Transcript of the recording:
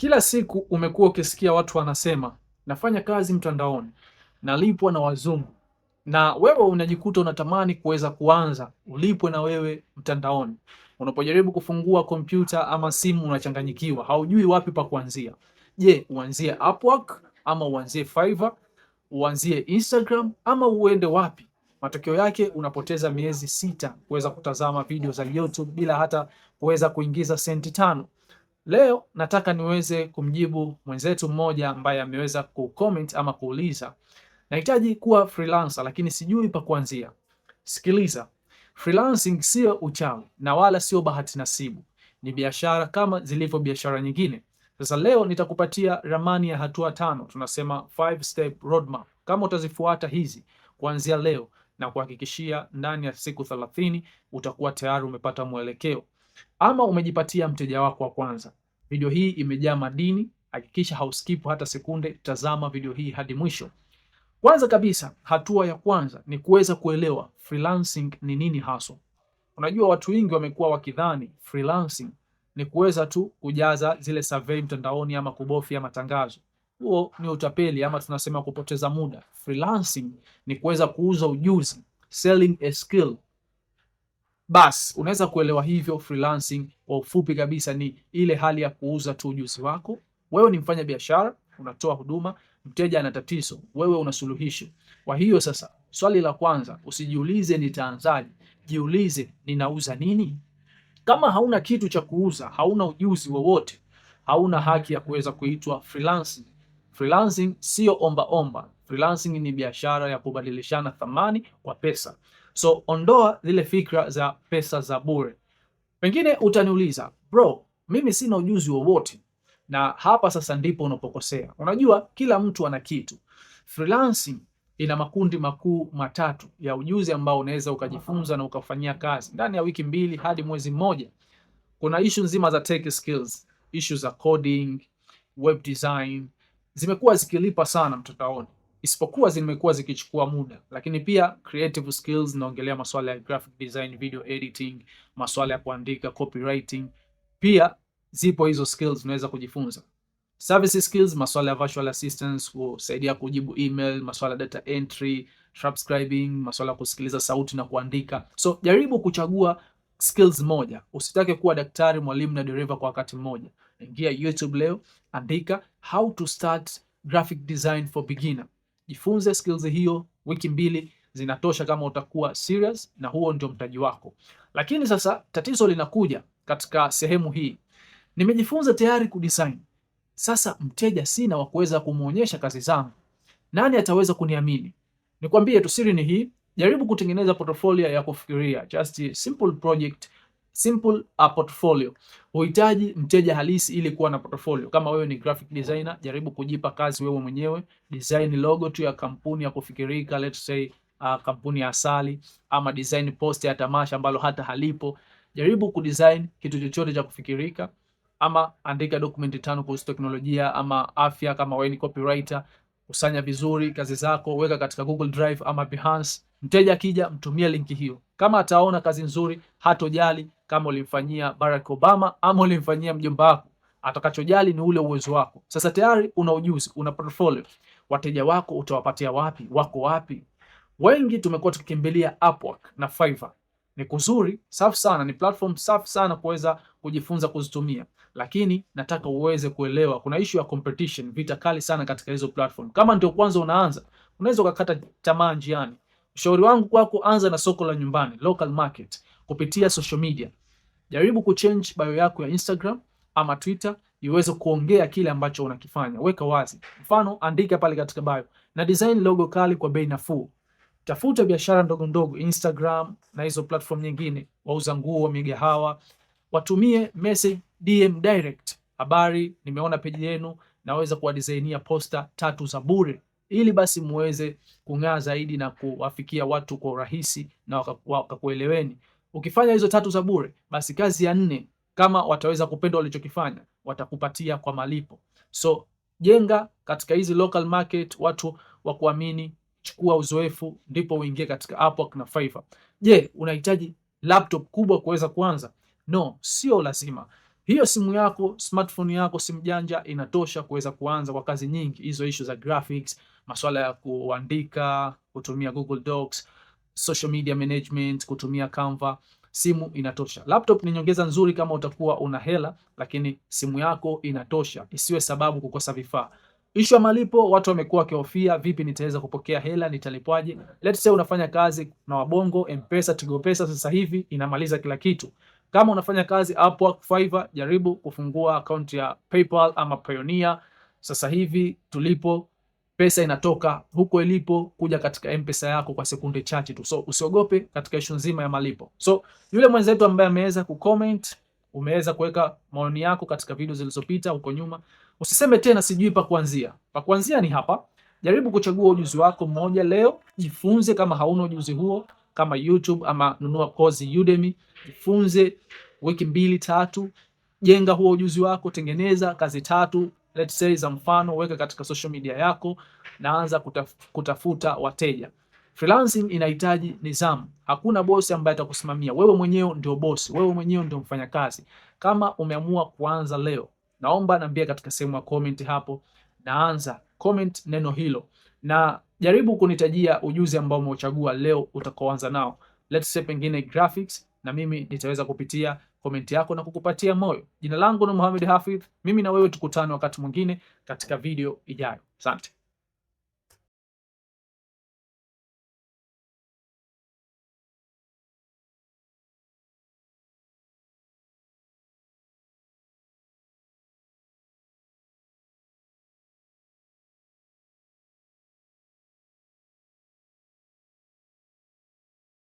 Kila siku umekuwa ukisikia watu wanasema nafanya kazi mtandaoni, nalipwa na wazungu, na wewe unajikuta unatamani kuweza kuanza ulipwe na wewe mtandaoni. Unapojaribu kufungua kompyuta ama simu unachanganyikiwa, haujui wapi pa kuanzia. Je, uanzie Upwork ama uanzie Fiverr, uanzie Instagram ama uende wapi? Matokeo yake unapoteza miezi sita kuweza kutazama video za YouTube bila hata kuweza kuingiza senti tano. Leo nataka niweze kumjibu mwenzetu mmoja ambaye ameweza kucomment ama kuuliza, nahitaji kuwa freelancer lakini sijui pa kuanzia. Sikiliza, freelancing sio uchawi na wala sio bahati nasibu, ni biashara kama zilivyo biashara nyingine. Sasa leo nitakupatia ramani ya hatua tano, tunasema five step roadmap. Kama utazifuata hizi kuanzia leo, na kuhakikishia ndani ya siku 30 utakuwa tayari umepata mwelekeo ama umejipatia mteja wako wa kwanza. Video hii imejaa madini, hakikisha hauskipu hata sekunde, tazama video hii hadi mwisho. Kwanza kabisa, hatua ya kwanza ni kuweza kuelewa freelancing ni nini haswa. Unajua, watu wengi wamekuwa wakidhani freelancing ni kuweza tu kujaza zile survey mtandaoni ama kubofya matangazo. Huo ni utapeli ama tunasema kupoteza muda. Freelancing ni kuweza kuuza ujuzi, selling a skill Bas, unaweza kuelewa hivyo freelancing kwa ufupi kabisa ni ile hali ya kuuza tu ujuzi wako. Wewe ni mfanya biashara, unatoa huduma, mteja ana tatizo, wewe unasuluhisha. Kwa hiyo sasa, swali la kwanza usijiulize nitaanzaje, jiulize ninauza nini? Kama hauna kitu cha kuuza, hauna ujuzi wowote, hauna haki ya kuweza kuitwa freelancing. Freelancing sio omba omba. Freelancing ni biashara ya kubadilishana thamani kwa pesa. So ondoa zile fikra za pesa za bure. Pengine utaniuliza bro, mimi sina ujuzi wowote, na hapa sasa ndipo unapokosea. Unajua kila mtu ana kitu. Freelancing ina makundi makuu matatu ya ujuzi ambao unaweza ukajifunza na ukafanyia kazi ndani ya wiki mbili hadi mwezi mmoja. Kuna ishu nzima za tech skills, issue za coding, web design zimekuwa zikilipa sana mtandaoni isipokuwa zimekuwa zikichukua muda, lakini pia creative skills naongelea masuala ya graphic design, video editing, masuala ya kuandika, copywriting, pia zipo hizo skills unaweza kujifunza. Service skills, masuala ya virtual assistants, kusaidia kujibu email, masuala data entry, transcribing, masuala ya kusikiliza sauti na kuandika. So jaribu kuchagua skills moja. Usitake kuwa daktari, mwalimu na dereva kwa wakati mmoja. Ingia YouTube leo, andika how to start graphic design for beginner jifunze skills hiyo, wiki mbili zinatosha kama utakuwa serious, na huo ndio mtaji wako. Lakini sasa tatizo linakuja katika sehemu hii, nimejifunza tayari kudesign. Sasa mteja sina wa kuweza kumwonyesha kazi zangu, nani ataweza kuniamini? Nikwambie tu siri ni hii, jaribu kutengeneza portfolio ya kufikiria, just simple project simple a portfolio. Huhitaji mteja halisi ili kuwa na portfolio. Kama wewe ni graphic designer, jaribu kujipa kazi wewe mwenyewe, design logo tu ya kampuni ya kufikirika, let's say uh, kampuni ya asali ama design post ya tamasha ambalo hata halipo. Jaribu kudesign kitu chochote cha kufikirika ama andika dokumenti tano kuhusu teknolojia ama afya, kama wewe ni copywriter, kusanya vizuri kazi zako, weka katika Google Drive ama Behance Mteja akija, mtumie linki hiyo. Kama ataona kazi nzuri, hatojali kama ulimfanyia Barack Obama ama ulimfanyia mjomba wako, atakachojali ni ule uwezo wako. Sasa tayari una ujuzi, una portfolio. Wateja wako utawapatia wapi? Wako wapi? Wengi tumekuwa tukikimbilia Upwork na Fiverr. Ni kuzuri, safi sana, ni platform safi sana kuweza kujifunza kuzitumia, lakini nataka uweze kuelewa kuna issue ya competition, vita kali sana katika hizo platform. Kama ndio kwanza unaanza, unaweza ukakata tamaa njiani. Ushauri wangu kwako, anza na soko la nyumbani, local market, kupitia social media. Jaribu kuchange bio yako ya Instagram ama Twitter iweze kuongea kile ambacho unakifanya. Weka wazi, mfano andika pale katika bio na design logo kali kwa bei nafuu. Tafuta biashara ndogo ndogo Instagram na hizo platform nyingine, wauza nguo, migahawa, watumie message DM direct, habari, nimeona peji yenu, naweza kuwadesignia posta tatu za bure ili basi muweze kung'aa zaidi na kuwafikia watu kwa urahisi na wakakueleweni. Ukifanya hizo tatu za bure, basi kazi ya nne, kama wataweza kupenda walichokifanya, watakupatia kwa malipo. So jenga katika hizi local market watu wa kuamini, chukua uzoefu, ndipo uingie katika Upwork na Fiverr. Je, unahitaji laptop kubwa kuweza kuanza? No, sio lazima. Hiyo simu yako, smartphone yako, simu janja inatosha kuweza kuanza kwa kazi nyingi, hizo issue za graphics masuala ya kuandika, kutumia Google Docs, social media management, kutumia Canva. Simu inatosha. Laptop ni nyongeza nzuri kama utakuwa una hela, lakini simu yako inatosha, isiwe sababu kukosa vifaa. Ishu ya malipo, watu wamekuwa wakihofia, vipi nitaweza kupokea hela, nitalipwaje? Let's say unafanya kazi na Wabongo, Mpesa, Tigo Pesa sasa hivi inamaliza kila kitu. Kama unafanya kazi Upwork, Fiverr, jaribu kufungua akaunti ya PayPal ama Payoneer. Sasa hivi tulipo pesa inatoka huko ilipo kuja katika mpesa yako kwa sekunde chache tu. So usiogope katika issue nzima ya malipo. So yule mwenzetu ambaye ameweza kucomment, umeweza kuweka maoni yako katika video zilizopita huko nyuma, usiseme tena sijui pa kuanzia. Pa kuanzia ni hapa. Jaribu kuchagua ujuzi wako mmoja leo, jifunze kama hauna ujuzi huo, kama YouTube ama nunua kozi Udemy, jifunze wiki mbili tatu, jenga huo ujuzi wako, tengeneza kazi tatu let's say za mfano, weka katika social media yako, naanza kutaf kutafuta wateja. Freelancing inahitaji nidhamu. Hakuna bosi ambaye atakusimamia wewe, mwenyewe ndio bosi, wewe mwenyewe ndio mfanyakazi. Kama umeamua kuanza leo, naomba niambie katika sehemu ya comment hapo, naanza comment neno hilo, na jaribu kunitajia ujuzi ambao umeuchagua leo utakaoanza nao, let's say pengine graphics, na mimi nitaweza kupitia komenti yako na kukupatia moyo. Jina langu ni Mohamed Hafidh, mimi na wewe tukutane wakati mwingine katika video ijayo. Asante.